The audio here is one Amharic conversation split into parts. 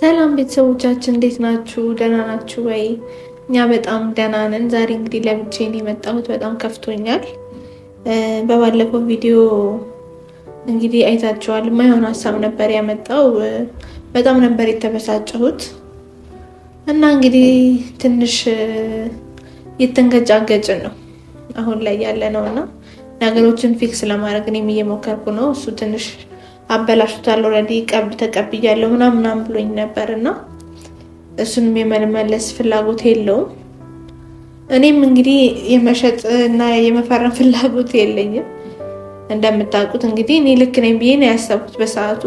ሰላም ቤተሰቦቻችን እንዴት ናችሁ? ደህና ናችሁ ወይ? እኛ በጣም ደህና ነን። ዛሬ እንግዲህ ለብቻዬን የመጣሁት በጣም ከፍቶኛል። በባለፈው ቪዲዮ እንግዲህ አይታችኋል። የማይሆን ሀሳብ ነበር ያመጣው። በጣም ነበር የተበሳጨሁት እና እንግዲህ ትንሽ የተንገጫገጭን ነው አሁን ላይ ያለ ነው እና ነገሮችን ፊክስ ለማድረግ እኔም እየሞከርኩ ነው። እሱ ትንሽ አበላሽቷል ኦልሬዲ ቀብ ተቀብያለሁ ምናምን ምናምን ብሎኝ ነበር እና እሱንም የመመለስ ፍላጎት የለውም። እኔም እንግዲህ የመሸጥ እና የመፈረም ፍላጎት የለኝም። እንደምታውቁት እንግዲህ እኔ ልክ ነኝ ብዬ ነው ያሰብኩት በሰዓቱ።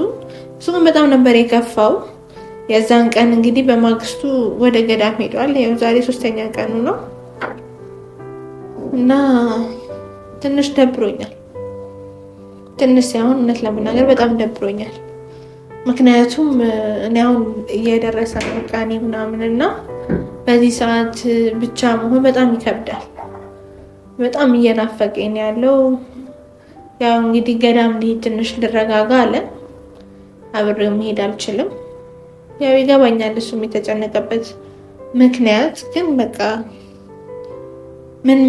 እሱ በጣም ነበር የከፋው። የዛን ቀን እንግዲህ በማግስቱ ወደ ገዳም ሄዷል። ይኸው ዛሬ ሶስተኛ ቀኑ ነው እና ትንሽ ደብሮኛል። ትንሽ ሳይሆን እውነት ለመናገር በጣም ደብሮኛል። ምክንያቱም እኔ አሁን እየደረሰ ቃኔ ምናምን እና በዚህ ሰዓት ብቻ መሆን በጣም ይከብዳል። በጣም እየናፈቀኝ ያለው ያው እንግዲህ ገዳም ልሄድ ትንሽ ልረጋጋ አለ። አብሬው መሄድ አልችልም። ያው ይገባኛል እሱም የተጨነቀበት ምክንያት ግን በቃ ምን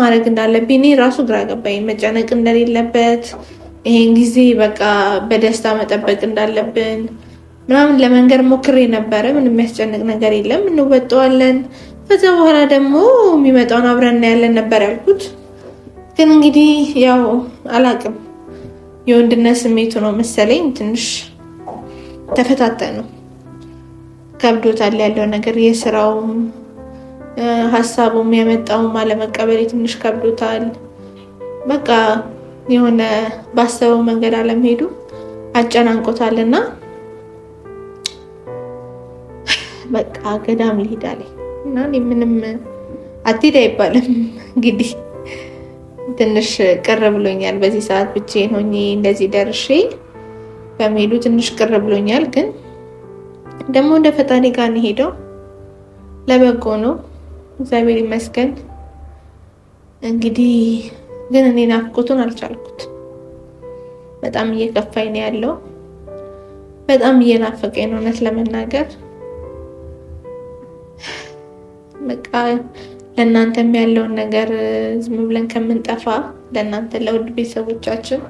ማድረግ እንዳለብኝ እኔ ራሱ ግራ ገባኝ። መጨነቅ እንደሌለበት ይሄን ጊዜ በቃ በደስታ መጠበቅ እንዳለብን ምናምን ለመንገር ሞክሬ ነበረ። ምን የሚያስጨንቅ ነገር የለም፣ እንወጠዋለን። ከዛ በኋላ ደግሞ የሚመጣውን አብረን እናያለን ነበር ያልኩት። ግን እንግዲህ ያው አላቅም፣ የወንድነት ስሜቱ ነው መሰለኝ ትንሽ ተፈታተን ነው ከብዶታል። ያለው ነገር የስራውም ሀሳቡም የመጣውም አለመቀበል ትንሽ ከብዶታል በቃ የሆነ ባሰበው መንገድ አለመሄዱ አጨናንቆታል እና በቃ ገዳም ይሄዳል አለ እና ምንም አትሄድ አይባልም እንግዲህ ትንሽ ቅር ብሎኛል። በዚህ ሰዓት ብቻዬን ሆኜ እንደዚህ ደርሼ በመሄዱ ትንሽ ቅር ብሎኛል። ግን ደግሞ እንደ ፈጣሪ ጋር ነው ሄደው ለበጎ ነው። እግዚአብሔር ይመስገን እንግዲህ ግን እኔ ናፍቆቱን አልቻልኩት። በጣም እየከፋኝ ነው ያለው። በጣም እየናፈቀኝ ነው እውነት ለመናገር በቃ ለእናንተም ያለውን ነገር ዝም ብለን ከምንጠፋ ለእናንተ ለውድ ቤተሰቦቻችን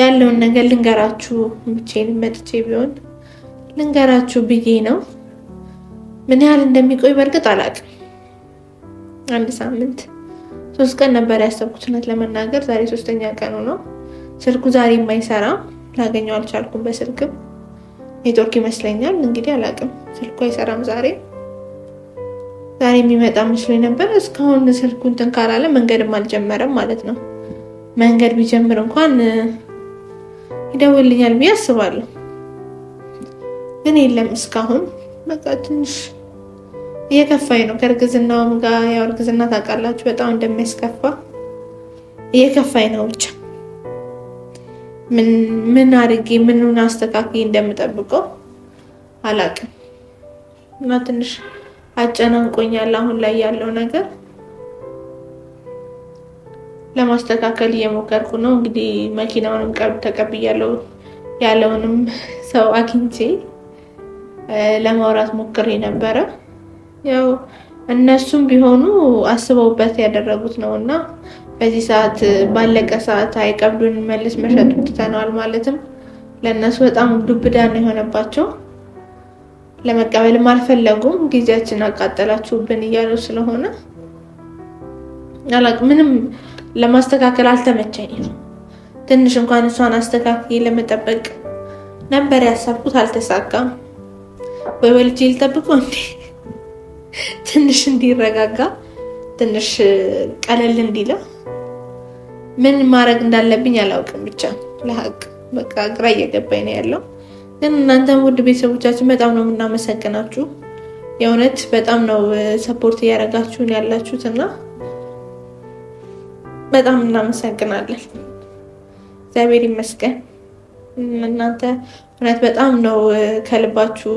ያለውን ነገር ልንገራችሁ ብቻዬን መጥቼ ቢሆን ልንገራችሁ ብዬ ነው። ምን ያህል እንደሚቆይ በእርግጥ አላውቅም። አንድ ሳምንት ሶስት ቀን ነበር ያሰብኩት እውነት ለመናገር ዛሬ ሶስተኛ ቀኑ ነው። ስልኩ ዛሬ የማይሰራ ላገኘው አልቻልኩም። በስልክም ኔትወርክ ይመስለኛል እንግዲህ አላውቅም። ስልኩ አይሰራም ዛሬ ዛሬ የሚመጣ መስሎ ነበር። እስካሁን ስልኩ እንትን ካላለ መንገድም አልጀመረም ማለት ነው። መንገድ ቢጀምር እንኳን ይደውልኛል ብዬ አስባለሁ፣ ግን የለም እስካሁን በቃ ትንሽ እየከፋኝ ነው። ከእርግዝናውም ጋር ያው እርግዝና ታውቃላችሁ በጣም እንደሚያስከፋ እየከፋኝ ነው። ብቻ ምን አድርጌ ምንን አስተካክዬ እንደምጠብቀው አላውቅም እና ትንሽ አጨናንቆኛል አሁን ላይ ያለው ነገር ለማስተካከል እየሞከርኩ ነው። እንግዲህ መኪናውንም ተቀብያለሁ ያለውንም ሰው አግኝቼ ለማውራት ሞክሬ ነበረ። ያው እነሱም ቢሆኑ አስበውበት ያደረጉት ነው እና በዚህ ሰዓት ባለቀ ሰዓት አይቀብዱን መልስ መሸጥ ትተነዋል። ማለትም ለእነሱ በጣም ዱብዳ ነው የሆነባቸው። ለመቀበልም አልፈለጉም። ጊዜያችን አቃጠላችሁብን እያሉ ስለሆነ ምንም ለማስተካከል አልተመቸኝም። ትንሽ እንኳን እሷን አስተካክዬ ለመጠበቅ ነበር ያሰብኩት፣ አልተሳካም። ወይ በልጅ ልጠብቀው እንዴ ትንሽ እንዲረጋጋ ትንሽ ቀለል እንዲለው ምን ማድረግ እንዳለብኝ አላውቅም። ብቻ ለሀቅ በቃ ግራ እየገባኝ ነው ያለው። ግን እናንተም ውድ ቤተሰቦቻችን በጣም ነው የምናመሰግናችሁ። የእውነት በጣም ነው ሰፖርት እያደረጋችሁን ያላችሁት እና በጣም እናመሰግናለን። እግዚአብሔር ይመስገን። እናንተ እውነት በጣም ነው ከልባችሁ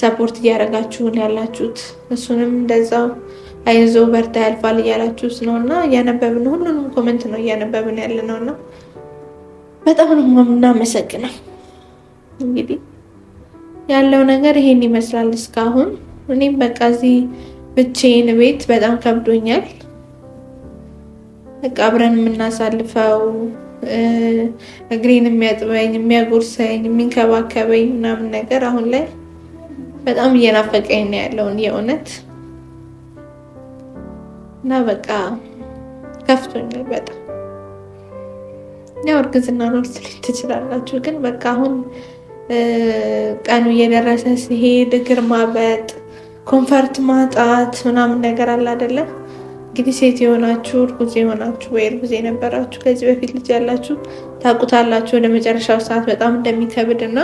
ሰፖርት እያደረጋችሁን ያላችሁት እሱንም እንደዛው አይዞ በርታ ያልፋል እያላችሁት ነው እና እያነበብን ሁሉንም ኮመንት ነው እያነበብን ያለ ነው እና በጣም ነው የምናመሰግነው። እንግዲህ ያለው ነገር ይሄን ይመስላል እስካሁን። እኔም በቃ እዚህ ብቼን ቤት በጣም ከብዶኛል። በቃ አብረን የምናሳልፈው እግሬን የሚያጥበኝ የሚያጎርሰኝ የሚንከባከበኝ ምናምን ነገር አሁን ላይ በጣም እየናፈቀኝ ነው ያለውን የእውነት እና በቃ ከፍቶኛል በጣም። ያው እርግዝና ነው ልትሉኝ ትችላላችሁ፣ ግን በቃ አሁን ቀኑ እየደረሰ ሲሄድ እግር ማበጥ፣ ኮንፈርት ማጣት ምናምን ነገር አለ አይደለም። እንግዲህ ሴት የሆናችሁ እርጉዝ የሆናችሁ ወይ እርጉዝ የነበራችሁ ከዚህ በፊት ልጅ ያላችሁ ታውቁታላችሁ፣ ወደ መጨረሻው ሰዓት በጣም እንደሚከብድ እና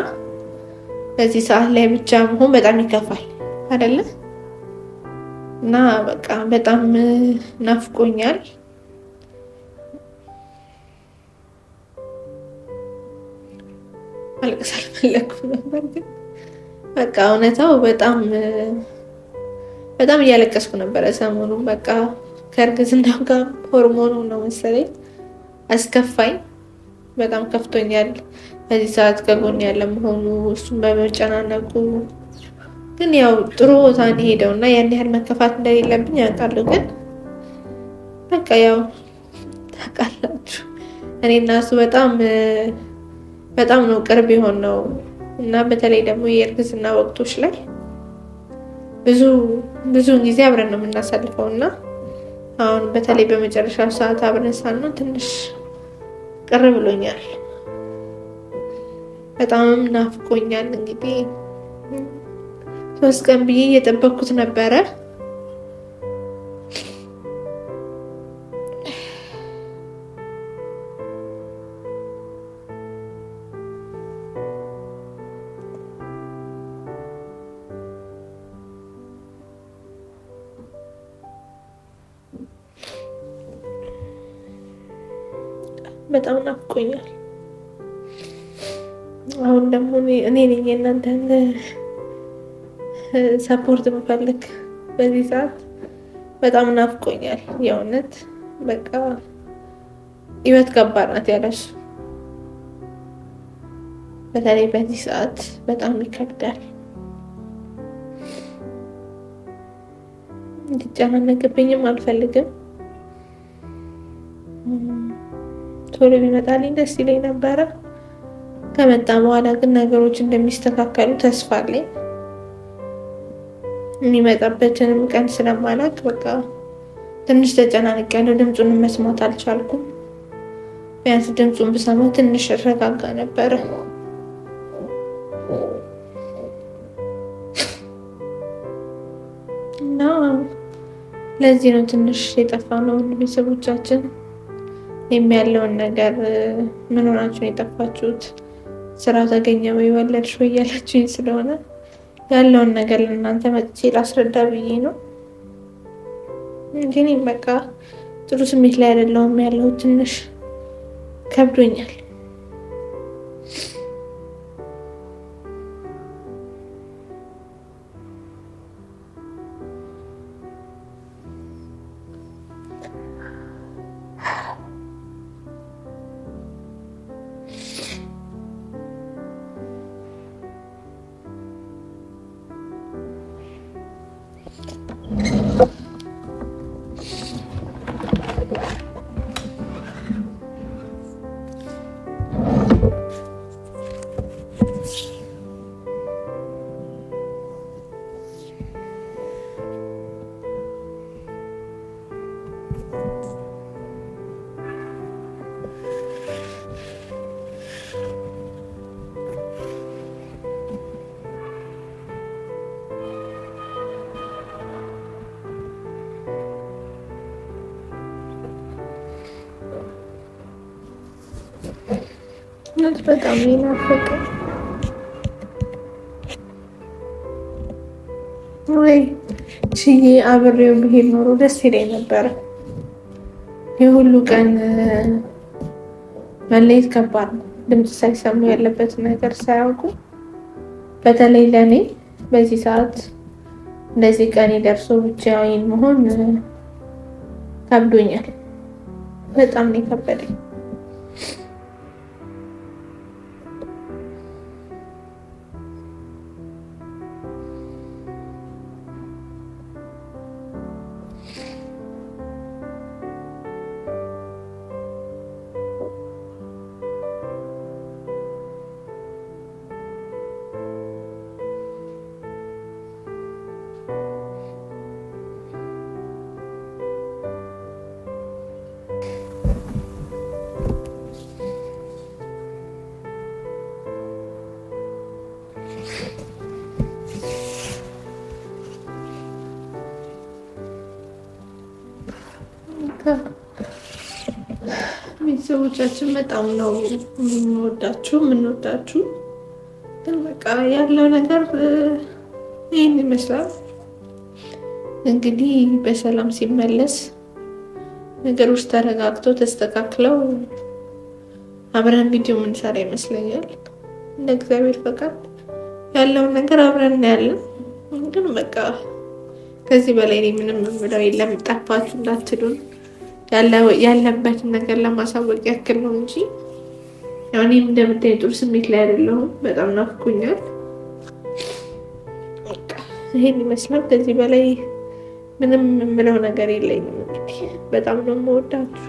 በዚህ ሰዓት ላይ ብቻ መሆን በጣም ይከፋል አይደለ? እና በቃ በጣም ናፍቆኛል። ማልቀስ አልፈለኩም ነበር ግን በቃ እውነታው በጣም በጣም እያለቀስኩ ነበረ ሰሞኑን። በቃ ከእርግዝናው ጋር ሆርሞኑ ነው መሰለኝ አስከፋኝ። በጣም ከፍቶኛል። በዚህ ሰዓት ከጎን ያለ መሆኑ እሱም በመጨናነቁ ግን ያው ጥሩ ቦታ ሄደው እና ያን ያህል መከፋት እንደሌለብኝ ያውቃለሁ። ግን በቃ ያው ታውቃላችሁ እኔ እና እሱ በጣም በጣም ነው ቅርብ የሆን ነው እና በተለይ ደግሞ የእርግዝና ወቅቶች ላይ ብዙ ብዙ ጊዜ አብረን ነው የምናሳልፈው እና አሁን በተለይ በመጨረሻው ሰዓት አብረን ሳንሆን ትንሽ ቅር ብሎኛል፣ በጣም ናፍቆኛል። እንግዲህ ሶስት ቀን ብዬ እየጠበኩት ነበረ። በጣም ናፍቆኛል። አሁን ደግሞ እኔ ነኝ የእናንተን ሰፖርት መፈልግ በዚህ ሰዓት በጣም ናፍቆኛል። የእውነት በቃ ህይወት ከባድ ናት ያለሱ በተለይ በዚህ ሰዓት በጣም ይከብዳል። እንዲጨናነቅብኝም አልፈልግም። ቶሎ ቢመጣልኝ ደስ ይለኝ ነበረ። ከመጣ በኋላ ግን ነገሮች እንደሚስተካከሉ ተስፋ አለኝ። የሚመጣበትንም ቀን ስለማላቅ በቃ ትንሽ ተጨናንቅ ያለው ድምፁን መስማት አልቻልኩም። ቢያንስ ድምፁን ብሰማ ትንሽ እረጋጋ ነበረ። እና ለዚህ ነው ትንሽ የጠፋ ነው ቤተሰቦቻችን ያለውን ነገር ምን ሆናችሁ ነው የጠፋችሁት? ስራ ተገኘ ወይ ወለድሽ ወይ እያላችሁኝ ስለሆነ ያለውን ነገር ለእናንተ መጥቼ ላስረዳ ብዬ ነው። ግን በቃ ጥሩ ስሜት ላይ አይደለሁም ያለው ትንሽ ከብዶኛል። እውነት በጣም ናፈቀ። ወይ ችዬ አብሬው ብሄድ ኖሮ ደስ ይለኝ ነበረ። የሁሉ ቀን መለየት ከባድ ነው። ድምፅ ሳይሰሙ ያለበት ነገር ሳያውቁ፣ በተለይ ለእኔ በዚህ ሰዓት እንደዚህ ቀን ደርሶ ብቻዬን መሆን ከብዶኛል። በጣም ነው የከበደኝ። ቤተሰቦቻችን በጣም ነው የምንወዳችሁ የምንወዳችሁ። ግን በቃ ያለው ነገር ይህን ይመስላል። እንግዲህ በሰላም ሲመለስ ነገሮች ተረጋግተው ተስተካክለው አብረን ቪዲዮ የምንሰራ ይመስለኛል። እንደ እግዚአብሔር ፈቃድ ያለውን ነገር አብረን እናያለን። ግን በቃ ከዚህ በላይ ምንም የምለው የለም። ጠፋችሁ እንዳትሉን ያለበትን ነገር ለማሳወቅ ያክል ነው እንጂ ያው እኔም እንደምታይ ጥሩ ስሜት ላይ አይደለሁም። በጣም ናፍቆኛል። ይህን ይመስላል። ከዚህ በላይ ምንም የምለው ነገር የለኝም። እንግዲህ በጣም ነው የምወዳችሁ።